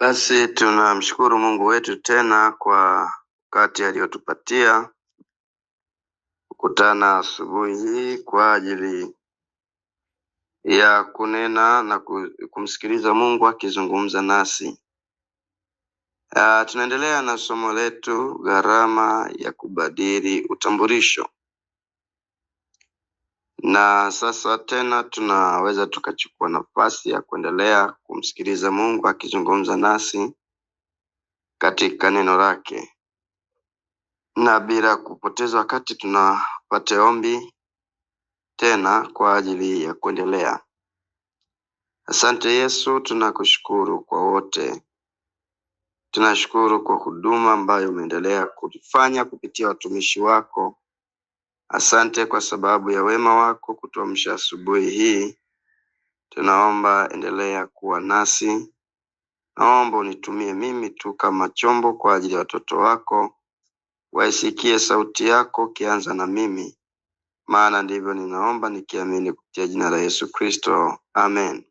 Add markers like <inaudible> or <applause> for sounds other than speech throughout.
Basi tunamshukuru Mungu wetu tena kwa wakati aliyotupatia kukutana asubuhi hii kwa ajili ya kunena na kumsikiliza Mungu akizungumza nasi. Uh, tunaendelea na somo letu gharama ya kubadili utambulisho na sasa tena tunaweza tukachukua nafasi ya kuendelea kumsikiliza Mungu akizungumza nasi katika neno lake, na bila kupoteza wakati tunapate ombi tena kwa ajili ya kuendelea. Asante Yesu, tunakushukuru kwa wote, tunashukuru kwa huduma ambayo umeendelea kulifanya kupitia watumishi wako Asante kwa sababu ya wema wako kutuamsha asubuhi hii. Tunaomba endelea kuwa nasi. Naomba unitumie mimi tu kama chombo kwa ajili ya watoto wako, waisikie sauti yako kianza na mimi, maana ndivyo ninaomba nikiamini kupitia jina la Yesu Kristo, amen.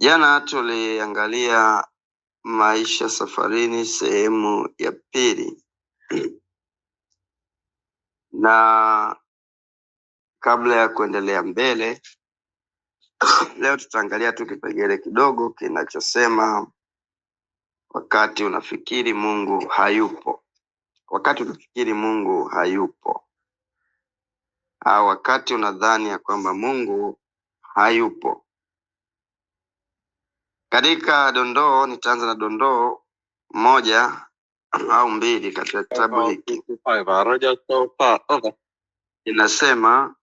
Jana tuliangalia maisha safarini sehemu ya pili <clears throat> na kabla ya kuendelea mbele <clears throat> leo tutaangalia tu kipengele kidogo kinachosema wakati unafikiri Mungu hayupo, wakati unafikiri Mungu hayupo, au wakati unadhani ya kwamba Mungu hayupo. Katika dondoo, nitaanza na dondoo moja au mbili katika kitabu hiki inasema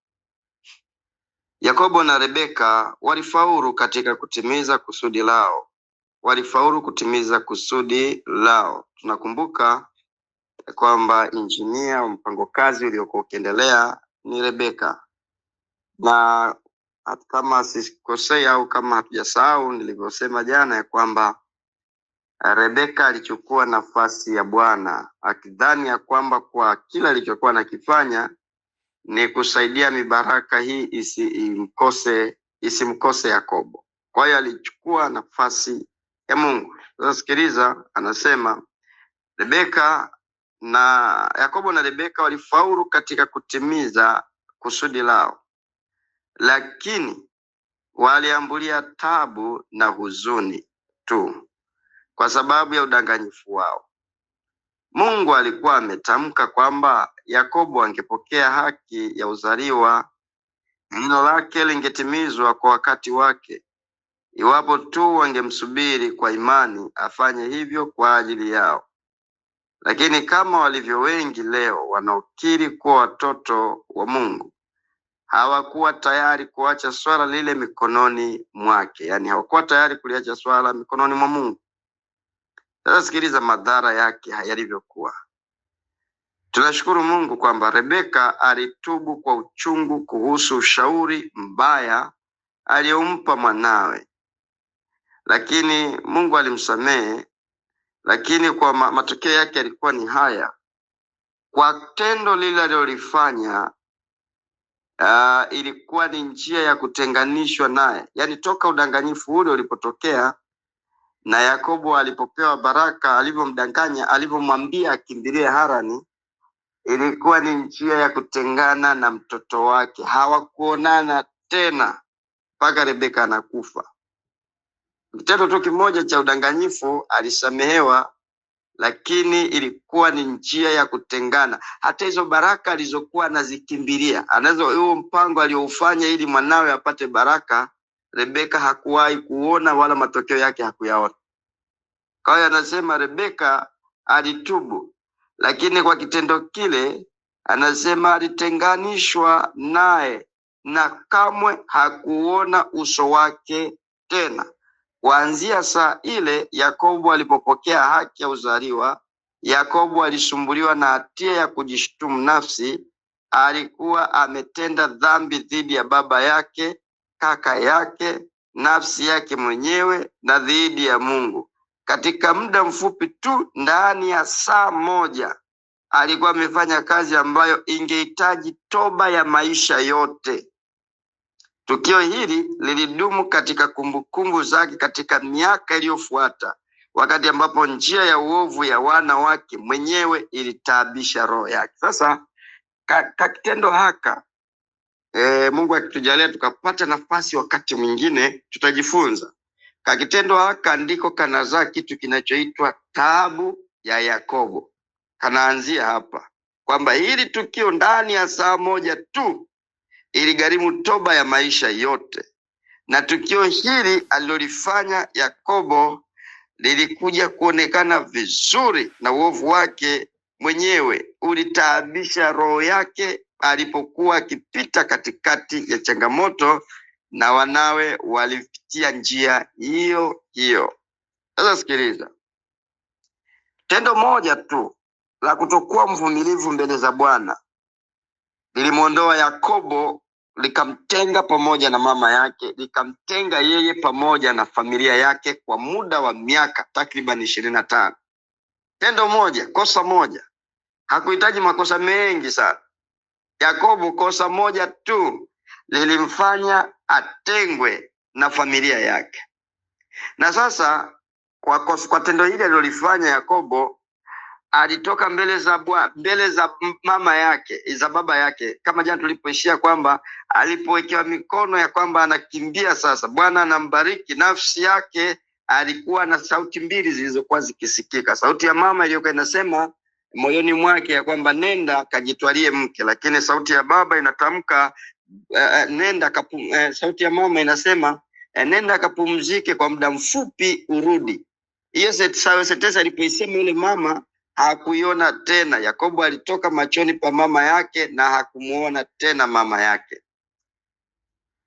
Yakobo na Rebeka walifaulu katika kutimiza kusudi lao, walifaulu kutimiza kusudi lao. Tunakumbuka kwamba injinia wa mpango kazi uliokuwa ukiendelea ni Rebeka, na kama sikosei au kama hatujasahau nilivyosema jana ya kwamba Ah, Rebeka alichukua nafasi ya Bwana akidhani ya kwamba kwa kila alichokuwa anakifanya ni kusaidia mibaraka hii isimkose isimkose Yakobo. Kwa hiyo alichukua nafasi ya Mungu. Sasa sikiliza, anasema Rebeka na Yakobo na Rebeka walifaulu katika kutimiza kusudi lao, lakini waliambulia tabu na huzuni tu kwa sababu ya udanganyifu wao. Mungu alikuwa ametamka kwamba Yakobo angepokea haki ya uzaliwa, neno lake lingetimizwa kwa wakati wake, iwapo tu wangemsubiri kwa imani afanye hivyo kwa ajili yao. Lakini kama walivyo wengi leo wanaokiri kuwa watoto wa Mungu, hawakuwa tayari kuacha swala lile mikononi mwake, yaani hawakuwa tayari kuliacha swala mikononi mwa Mungu. Sasa sikiliza madhara yake yalivyokuwa. Tunashukuru Mungu kwamba Rebeka alitubu kwa uchungu kuhusu ushauri mbaya aliyompa mwanawe, lakini Mungu alimsamehe. Lakini kwa matokeo yake yalikuwa ni haya, kwa tendo lile alilolifanya uh, ilikuwa ni njia ya kutenganishwa naye, yaani toka udanganyifu ule ulipotokea na Yakobo alipopewa baraka, alivyomdanganya, alivyomwambia akimbilie Harani, ilikuwa ni njia ya kutengana na mtoto wake. Hawakuonana tena mpaka Rebeka anakufa. Kitendo tu kimoja cha udanganyifu alisamehewa, lakini ilikuwa ni njia ya kutengana. Hata hizo baraka alizokuwa anazikimbilia, anazo huo mpango alioufanya ili mwanawe apate baraka Rebeka hakuwahi kuona wala matokeo yake hakuyaona. Kwa hiyo anasema Rebeka alitubu, lakini kwa kitendo kile anasema alitenganishwa naye na kamwe hakuona uso wake tena. Kuanzia saa ile Yakobo alipopokea haki ya uzaliwa, Yakobo alisumbuliwa na hatia ya kujishtumu nafsi. Alikuwa ametenda dhambi dhidi ya baba yake kaka yake, nafsi yake mwenyewe na dhidi ya Mungu. Katika muda mfupi tu, ndani ya saa moja, alikuwa amefanya kazi ambayo ingehitaji toba ya maisha yote. Tukio hili lilidumu katika kumbukumbu zake katika miaka iliyofuata, wakati ambapo njia ya uovu ya wana wake mwenyewe ilitaabisha roho yake. Sasa kakitendo haka e, Mungu akitujalia tukapata nafasi wakati mwingine tutajifunza. Kakitendo haka ndiko kanazaa kitu kinachoitwa taabu ya Yakobo. Kanaanzia hapa kwamba hili tukio ndani ya saa moja tu iligharimu toba ya maisha yote, na tukio hili alilolifanya Yakobo lilikuja kuonekana vizuri na uovu wake mwenyewe ulitaabisha roho yake alipokuwa akipita katikati ya changamoto na wanawe walipitia njia hiyo hiyo. Sasa sikiliza, tendo moja tu la kutokuwa mvumilivu mbele za Bwana lilimwondoa Yakobo, likamtenga pamoja na mama yake, likamtenga yeye pamoja na familia yake kwa muda wa miaka takriban ishirini na tano. Tendo moja, kosa moja, hakuhitaji makosa mengi sana Yakobo kosa moja tu lilimfanya atengwe na familia yake. Na sasa kwa, kwa tendo hili alilolifanya Yakobo alitoka mbele za bwa, mbele za mama yake za baba yake, kama jana tulipoishia kwamba alipowekewa mikono ya kwamba anakimbia sasa, Bwana anambariki. Nafsi yake alikuwa na sauti mbili zilizokuwa zikisikika, sauti ya mama iliyokuwa inasema moyoni mwake ya kwamba nenda kajitwalie mke, lakini sauti ya baba inatamka uh, nenda kapu, uh, sauti ya mama inasema uh, nenda kapumzike kwa muda mfupi urudi. Hiyo sentensi alipoisema yule mama hakuiona tena. Yakobo alitoka machoni pa mama yake na hakumuona tena mama yake.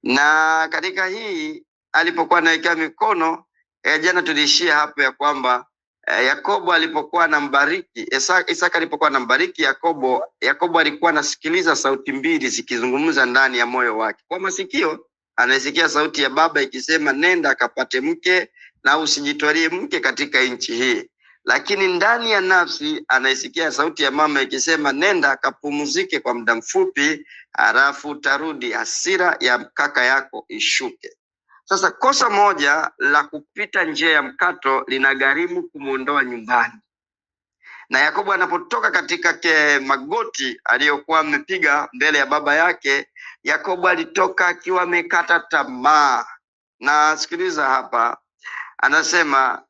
Na katika hii alipokuwa anawekea mikono eh, jana tuliishia hapo ya kwamba Eh, Yakobo alipokuwa anambariki Isaka, Isaka alipokuwa anambariki Yakobo, Yakobo alikuwa anasikiliza sauti mbili zikizungumza ndani ya moyo wake. Kwa masikio anasikia sauti ya baba ikisema, nenda akapate mke na usijitwalie mke katika nchi hii, lakini ndani ya nafsi anaisikia sauti ya mama ikisema, nenda akapumzike kwa muda mfupi, halafu tarudi hasira ya kaka yako ishuke. Sasa kosa moja la kupita njia ya mkato linagharimu kumwondoa nyumbani, na Yakobo anapotoka katika ke magoti aliyokuwa amepiga mbele ya baba yake, Yakobo alitoka akiwa amekata tamaa. Na sikiliza hapa, anasema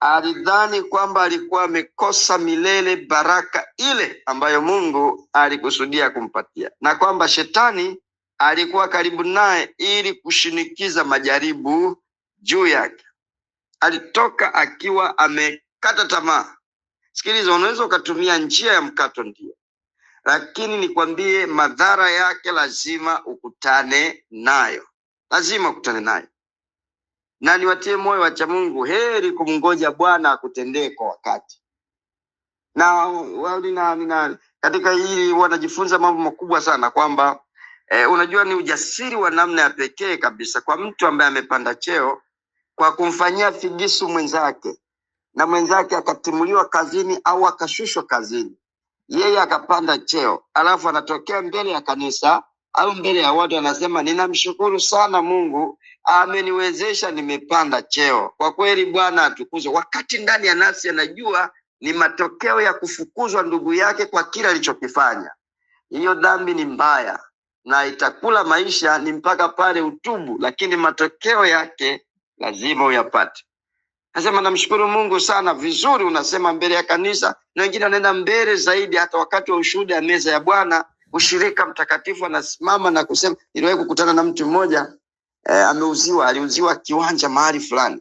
alidhani kwamba alikuwa amekosa milele baraka ile ambayo Mungu alikusudia kumpatia na kwamba shetani alikuwa karibu naye ili kushinikiza majaribu juu yake. Alitoka akiwa amekata tamaa. Sikiliza, unaweza ukatumia njia ya mkato ndio, lakini nikwambie madhara yake lazima ukutane nayo, lazima ukutane nayo. Na niwatie moyo wacha Mungu, heri kumngoja Bwana akutendee kwa wakati na, na, na katika hili wanajifunza mambo makubwa sana kwamba E, unajua ni ujasiri wa namna ya pekee kabisa kwa mtu ambaye amepanda cheo kwa kumfanyia figisu mwenzake na mwenzake akatimuliwa kazini au akashushwa kazini, yeye akapanda cheo, alafu anatokea mbele ya kanisa au mbele ya watu anasema, ninamshukuru sana Mungu ameniwezesha, nimepanda cheo. Kwa kweli Bwana atukuzwe, wakati ndani ya nafsi anajua ni matokeo ya kufukuzwa ndugu yake kwa kile alichokifanya. Hiyo dhambi ni mbaya na itakula maisha ni mpaka pale utubu, lakini matokeo yake lazima uyapate. Nasema namshukuru Mungu sana. Vizuri, unasema mbele ya kanisa, na wengine wanaenda mbele zaidi, hata wakati wa ushuhuda ya meza ya Bwana, ushirika mtakatifu, anasimama na kusema. Niliwahi kukutana na mtu mmoja eh, ameuziwa, aliuziwa kiwanja mahali fulani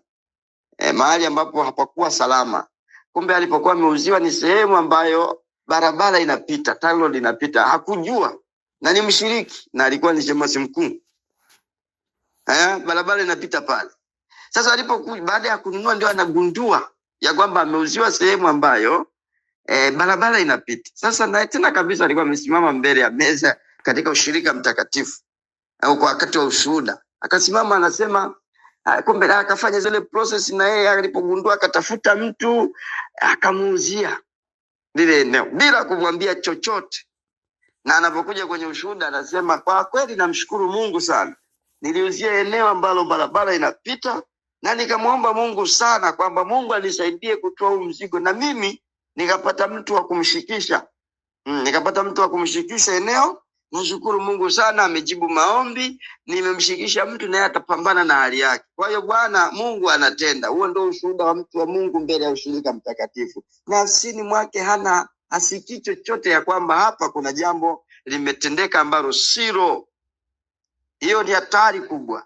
eh, mahali ambapo hapakuwa salama. Kumbe alipokuwa ameuziwa ni sehemu ambayo barabara inapita, talo inapita, hakujua na ni mshiriki na alikuwa ni shemasi mkuu. Eh, barabara inapita pale. Sasa alipokuja baada ya kununua ndio anagundua ya kwamba ameuziwa sehemu ambayo e, barabara inapita. Sasa na tena kabisa alikuwa amesimama mbele ya meza katika ushirika mtakatifu au e, kwa wakati wa ushuhuda. Akasimama anasema e, kumbe akafanya zile process na yeye alipogundua akatafuta mtu akamuuzia lile eneo bila kumwambia chochote na anapokuja kwenye ushuhuda anasema, kwa kweli namshukuru Mungu sana, niliuzia eneo ambalo barabara inapita na nikamwomba Mungu sana kwamba Mungu anisaidie kutoa huu mzigo, na mimi nikapata mtu wa kumshikisha mm, nikapata mtu wa kumshikisha eneo. Nashukuru Mungu sana, amejibu maombi, nimemshikisha mtu naye atapambana na hali yake. Kwa hiyo Bwana Mungu anatenda. Huo ndio ushuhuda wa mtu wa Mungu mbele ya ushirika mtakatifu, nafsini mwake hana hasikii chochote ya kwamba hapa kuna jambo limetendeka ambalo siro Hiyo ni hatari kubwa,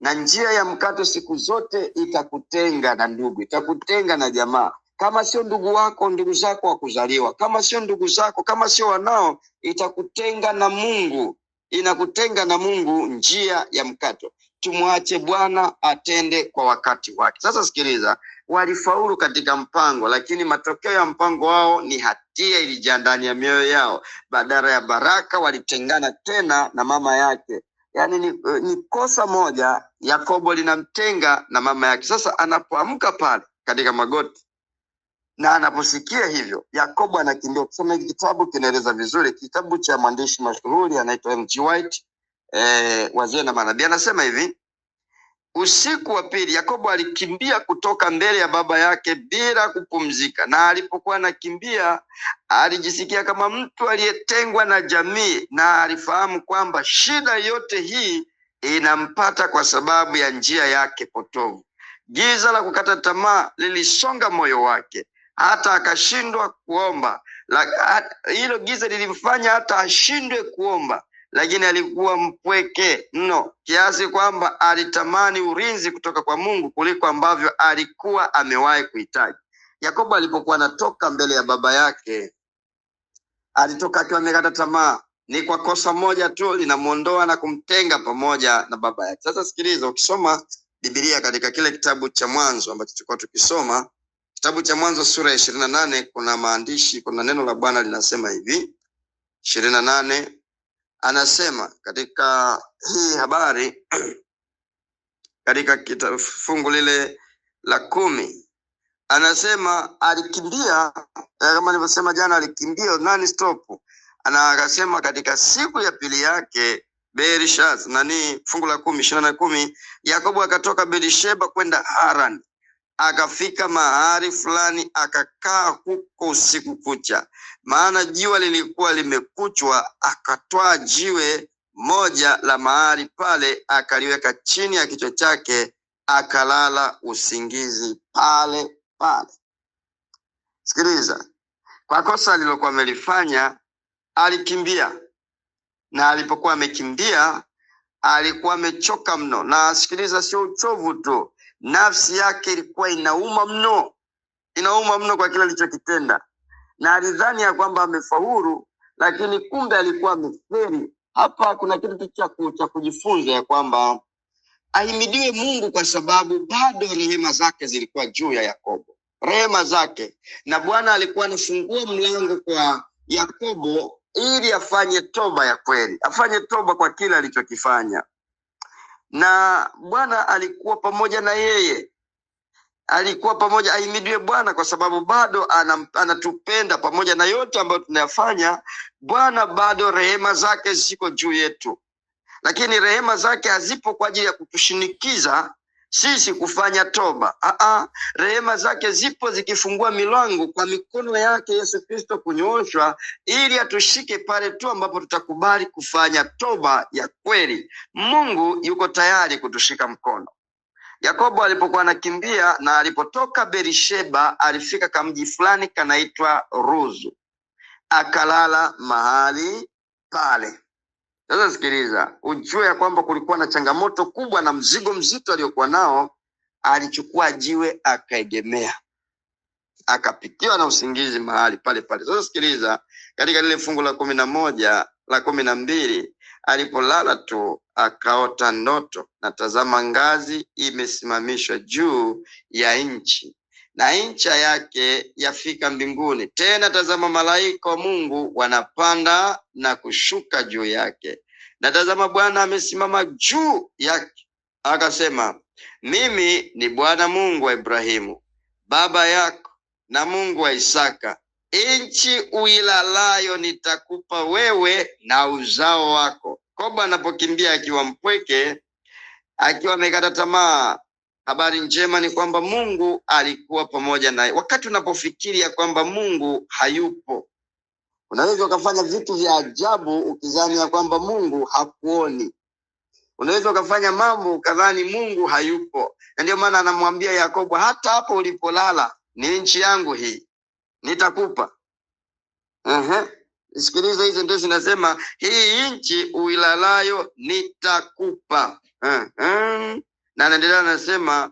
na njia ya mkato siku zote itakutenga na ndugu, itakutenga na jamaa kama sio ndugu wako, ndugu zako wa kuzaliwa, kama sio ndugu zako, kama sio wanao, itakutenga na Mungu, inakutenga na Mungu, njia ya mkato. Tumwache Bwana atende kwa wakati wake. Sasa sikiliza, walifaulu katika mpango, lakini matokeo ya mpango wao ni hatia ilijaa ndani ya mioyo yao. Badala ya baraka walitengana tena na mama yake. Yaani ni, ni kosa moja Yakobo linamtenga na mama yake. Sasa anapoamka pale katika magoti na anaposikia hivyo, Yakobo anakimbia. Ukisoma kitabu kinaeleza vizuri, kitabu cha mwandishi mashuhuri anaitwa M.G. White eh, wazee na manabii, anasema hivi Usiku wa pili Yakobo alikimbia kutoka mbele ya baba yake bila kupumzika, na alipokuwa anakimbia alijisikia kama mtu aliyetengwa na jamii, na alifahamu kwamba shida yote hii inampata kwa sababu ya njia yake potovu. Giza la kukata tamaa lilisonga moyo wake hata akashindwa kuomba. Hilo giza lilimfanya hata ashindwe kuomba lakini alikuwa mpweke mno kiasi kwamba alitamani ulinzi kutoka kwa Mungu kuliko ambavyo alikuwa amewahi kuhitaji. Yakobo alipokuwa anatoka mbele ya baba yake, alitoka akiwa amekata tamaa. Ni kwa kosa moja tu linamwondoa na kumtenga pamoja na baba yake. Sasa sikiliza, ukisoma Biblia katika kile kitabu cha Mwanzo ambacho tulikuwa tukisoma, kitabu cha Mwanzo sura ya ishirini na nane kuna maandishi, kuna neno la Bwana linasema hivi ishirini na nane anasema katika hii habari <clears throat> katika fungu lile la kumi anasema alikimbia eh, kama alivyosema jana, alikimbia non stop, na akasema katika siku ya pili yake Berishaz nani, fungu la kumi ishirini na kumi Yakobo akatoka Berisheba kwenda Haran akafika mahali fulani akakaa huko usiku kucha, maana jiwa lilikuwa limekuchwa. Akatwaa jiwe moja la mahali pale, akaliweka chini ya kichwa chake, akalala usingizi pale pale. Sikiliza, kwa kosa alilokuwa amelifanya alikimbia, na alipokuwa amekimbia alikuwa amechoka mno, na sikiliza, sio uchovu tu, nafsi yake ilikuwa inauma mno, inauma mno kwa kile alichokitenda, na alidhani ya kwamba amefaulu, lakini kumbe alikuwa ameferi. Hapa kuna kitu cha kujifunza ya kwamba ahimidiwe Mungu kwa sababu bado rehema zake zilikuwa juu ya Yakobo, rehema zake, na Bwana alikuwa anafungua mlango kwa Yakobo ili afanye toba ya kweli, afanye toba kwa kila alichokifanya. Na Bwana alikuwa pamoja na yeye, alikuwa pamoja. Ahimidiwe Bwana kwa sababu bado anatupenda. Pamoja na yote ambayo tunayafanya, Bwana bado rehema zake ziko juu yetu, lakini rehema zake hazipo kwa ajili ya kutushinikiza sisi kufanya toba. Aa, rehema zake zipo zikifungua milango kwa mikono yake Yesu Kristo kunyooshwa, ili atushike pale tu ambapo tutakubali kufanya toba ya kweli. Mungu yuko tayari kutushika mkono. Yakobo alipokuwa anakimbia na alipotoka Berisheba, alifika kamji fulani kanaitwa Ruzu, akalala mahali pale. Sasa sikiliza, ujue ya kwamba kulikuwa na changamoto kubwa na mzigo mzito aliyokuwa nao. Alichukua jiwe akaegemea, akapitiwa na usingizi mahali pale pale. Sasa sikiliza, katika lile fungu la kumi na moja la kumi na mbili alipolala tu akaota ndoto, na tazama, ngazi imesimamishwa juu ya nchi na ncha yake yafika mbinguni. Tena tazama, malaika wa Mungu wanapanda na kushuka juu yake, na tazama, Bwana amesimama juu yake, akasema, mimi ni Bwana Mungu wa Ibrahimu baba yako na Mungu wa Isaka. Nchi uilalayo nitakupa wewe na uzao wako. kobo anapokimbia akiwa mpweke, akiwa amekata tamaa Habari njema ni kwamba Mungu alikuwa pamoja naye. Wakati unapofikiri ya kwamba Mungu hayupo, unaweza ukafanya vitu vya ajabu ukizani ya kwamba Mungu hakuoni. Unaweza ukafanya mambo ukadhani Mungu hayupo, na ndio maana anamwambia Yakobo, hata hapo ulipolala ni nchi yangu hii, nitakupa. Aha. Sikiliza, hizo ndio zinasema hii nchi uilalayo nitakupa. Aha na anaendelea anasema,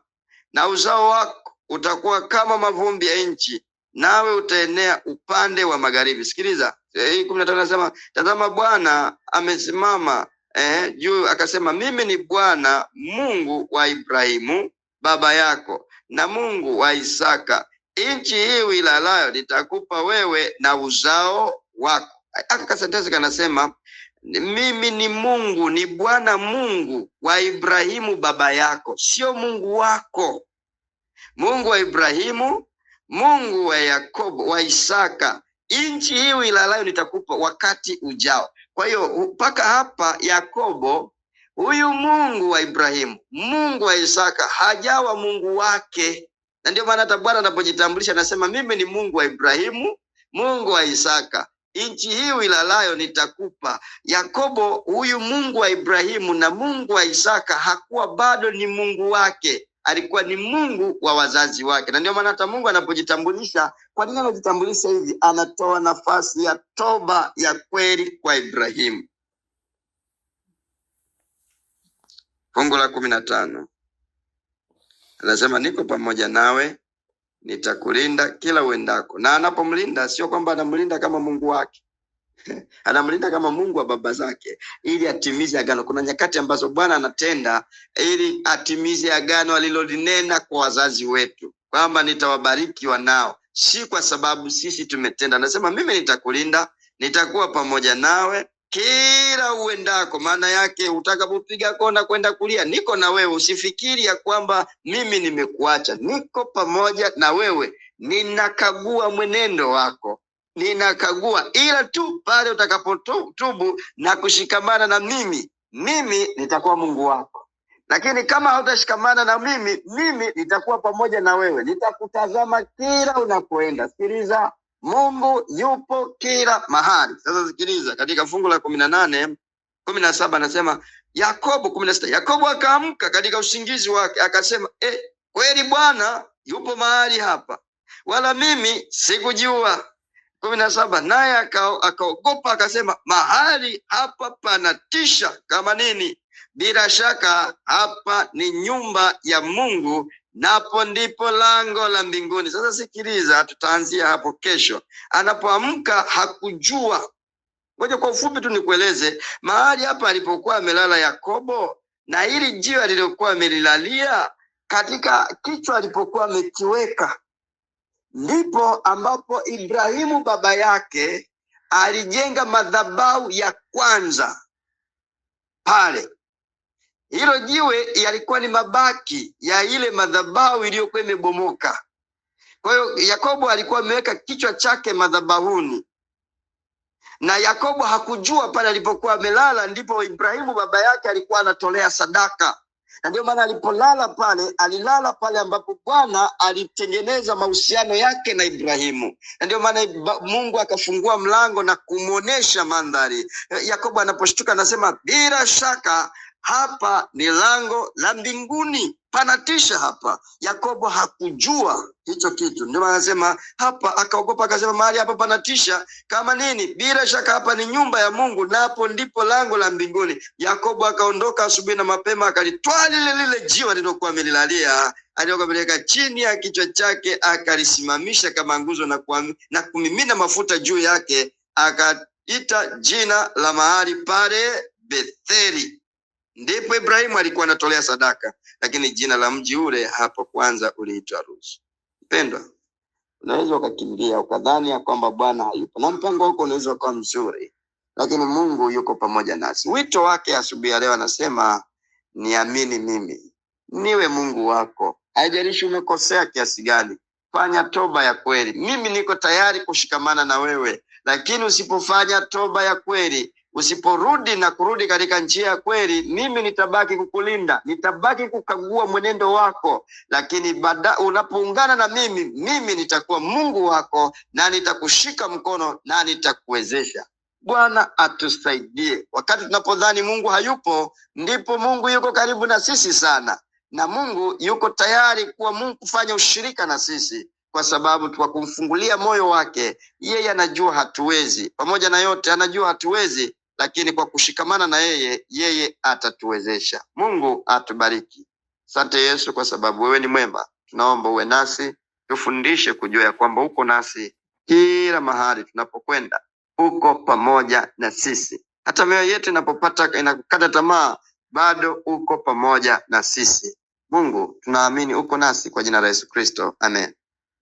na uzao wako utakuwa kama mavumbi ya nchi, nawe utaenea upande wa magharibi. Sikiliza eh, hii kumi na tano anasema, tazama Bwana amesimama eh, juu akasema, mimi ni Bwana Mungu wa Ibrahimu baba yako na Mungu wa Isaka. Nchi hii uilalayo nitakupa wewe na uzao wako. Aka kasentesi kanasema mimi ni Mungu, ni Bwana Mungu wa Ibrahimu baba yako, sio Mungu wako. Mungu wa Ibrahimu, Mungu wa Yakobo, wa Isaka. Nchi hii ilalayo nitakupa wakati ujao. Kwa hiyo mpaka hapa Yakobo, huyu Mungu wa Ibrahimu, Mungu wa Isaka, hajawa Mungu wake, na ndio maana hata Bwana anapojitambulisha anasema mimi ni Mungu wa Ibrahimu, Mungu wa Isaka nchi hii uilalayo nitakupa. Yakobo huyu Mungu wa Ibrahimu na Mungu wa Isaka hakuwa bado ni Mungu wake, alikuwa ni Mungu wa wazazi wake, na ndio maana hata Mungu anapojitambulisha, kwa nini anajitambulisha hivi? Anatoa nafasi ya toba ya kweli kwa Ibrahimu. Fungu la kumi na tano anasema niko pamoja nawe nitakulinda kila uendako. Na anapomlinda sio kwamba anamlinda kama Mungu wake <laughs> anamlinda kama Mungu wa baba zake, ili atimize agano. Kuna nyakati ambazo Bwana anatenda ili atimize agano alilolinena kwa wazazi wetu kwamba nitawabariki wanao, si kwa sababu sisi tumetenda. Anasema mimi nitakulinda, nitakuwa pamoja nawe kila uendako. Maana yake utakapopiga kona kwenda kulia, niko na wewe. Usifikiri ya kwamba mimi nimekuacha, niko pamoja na wewe, ninakagua mwenendo wako ninakagua ila tu pale utakapotubu na kushikamana na mimi, mimi nitakuwa Mungu wako. Lakini kama hautashikamana na mimi, mimi nitakuwa pamoja na wewe, nitakutazama kila unapoenda Sikiliza, Mungu yupo kila mahali. Sasa sikiliza, katika fungu la kumi na nane kumi na saba anasema Yakobo kumi na sita Yakobo akaamka katika usingizi wake akasema, eh, kweli Bwana yupo mahali hapa, wala mimi sikujua. kumi na saba naye akaogopa akasema, mahali hapa panatisha kama nini! Bila shaka hapa ni nyumba ya Mungu napo ndipo lango la mbinguni. Sasa sikiliza, tutaanzia hapo kesho. Anapoamka hakujua. Ngoja kwa ufupi tu nikueleze mahali hapa alipokuwa amelala Yakobo na ili jiwe alilokuwa amelilalia katika kichwa alipokuwa amekiweka, ndipo ambapo Ibrahimu baba yake alijenga madhabahu ya kwanza pale hilo jiwe yalikuwa ni mabaki ya ile madhabahu iliyokuwa imebomoka. Kwa hiyo Yakobo alikuwa ameweka kichwa chake madhabahuni, na Yakobo hakujua pale alipokuwa amelala ndipo Ibrahimu baba yake alikuwa anatolea sadaka, na ndio maana alipolala pale, alilala pale ambapo Bwana alitengeneza mahusiano yake na Ibrahimu, na ndio maana Mungu akafungua mlango na kumwonyesha mandhari. Yakobo anaposhtuka anasema, bila shaka hapa ni lango la mbinguni, panatisha hapa. Yakobo hakujua hicho kitu, ndio maana anasema hapa, akaogopa akasema, mahali hapa panatisha kama nini? Bila shaka hapa ni nyumba ya Mungu, na hapo ndipo lango la mbinguni. Yakobo akaondoka asubuhi na mapema, akalitwaa lile lile jiwa lililokuwa amelilalia aliyokapeleka chini ya kichwa chake, akalisimamisha kama nguzo na, na kumimina mafuta juu yake, akaita jina la mahali pale Betheli ndipo Ibrahimu alikuwa anatolea sadaka, lakini jina la mji ule hapo kwanza uliitwa Luz. Mpendwa, unaweza ukakimbia ukadhani ya kwamba Bwana hayupo na mpango wako unaweza kuwa mzuri, lakini Mungu yuko pamoja nasi. Wito wake asubuhi ya leo anasema, niamini mimi niwe Mungu wako, haijalishi umekosea kiasi gani. Fanya toba ya kweli. Mimi niko tayari kushikamana na wewe, lakini usipofanya toba ya kweli Usiporudi na kurudi katika njia ya kweli, mimi nitabaki kukulinda, nitabaki kukagua mwenendo wako, lakini baada unapoungana na mimi, mimi nitakuwa Mungu wako na nitakushika mkono na nitakuwezesha. Bwana atusaidie. Wakati tunapodhani Mungu hayupo, ndipo Mungu yuko karibu na sisi sana, na Mungu yuko tayari kuwa Mungu kufanya ushirika na sisi kwa sababu kwa kumfungulia moyo wake, yeye anajua hatuwezi. Pamoja na yote, anajua hatuwezi, lakini kwa kushikamana na yeye, yeye atatuwezesha. Mungu atubariki. Asante Yesu kwa sababu wewe ni mwema. Tunaomba uwe nasi, tufundishe kujua ya kwamba uko nasi kila mahali tunapokwenda, uko pamoja na sisi. Hata mioyo yetu inapopata inakata tamaa, bado uko pamoja na sisi. Mungu, tunaamini uko nasi, kwa jina la Yesu Kristo, amen.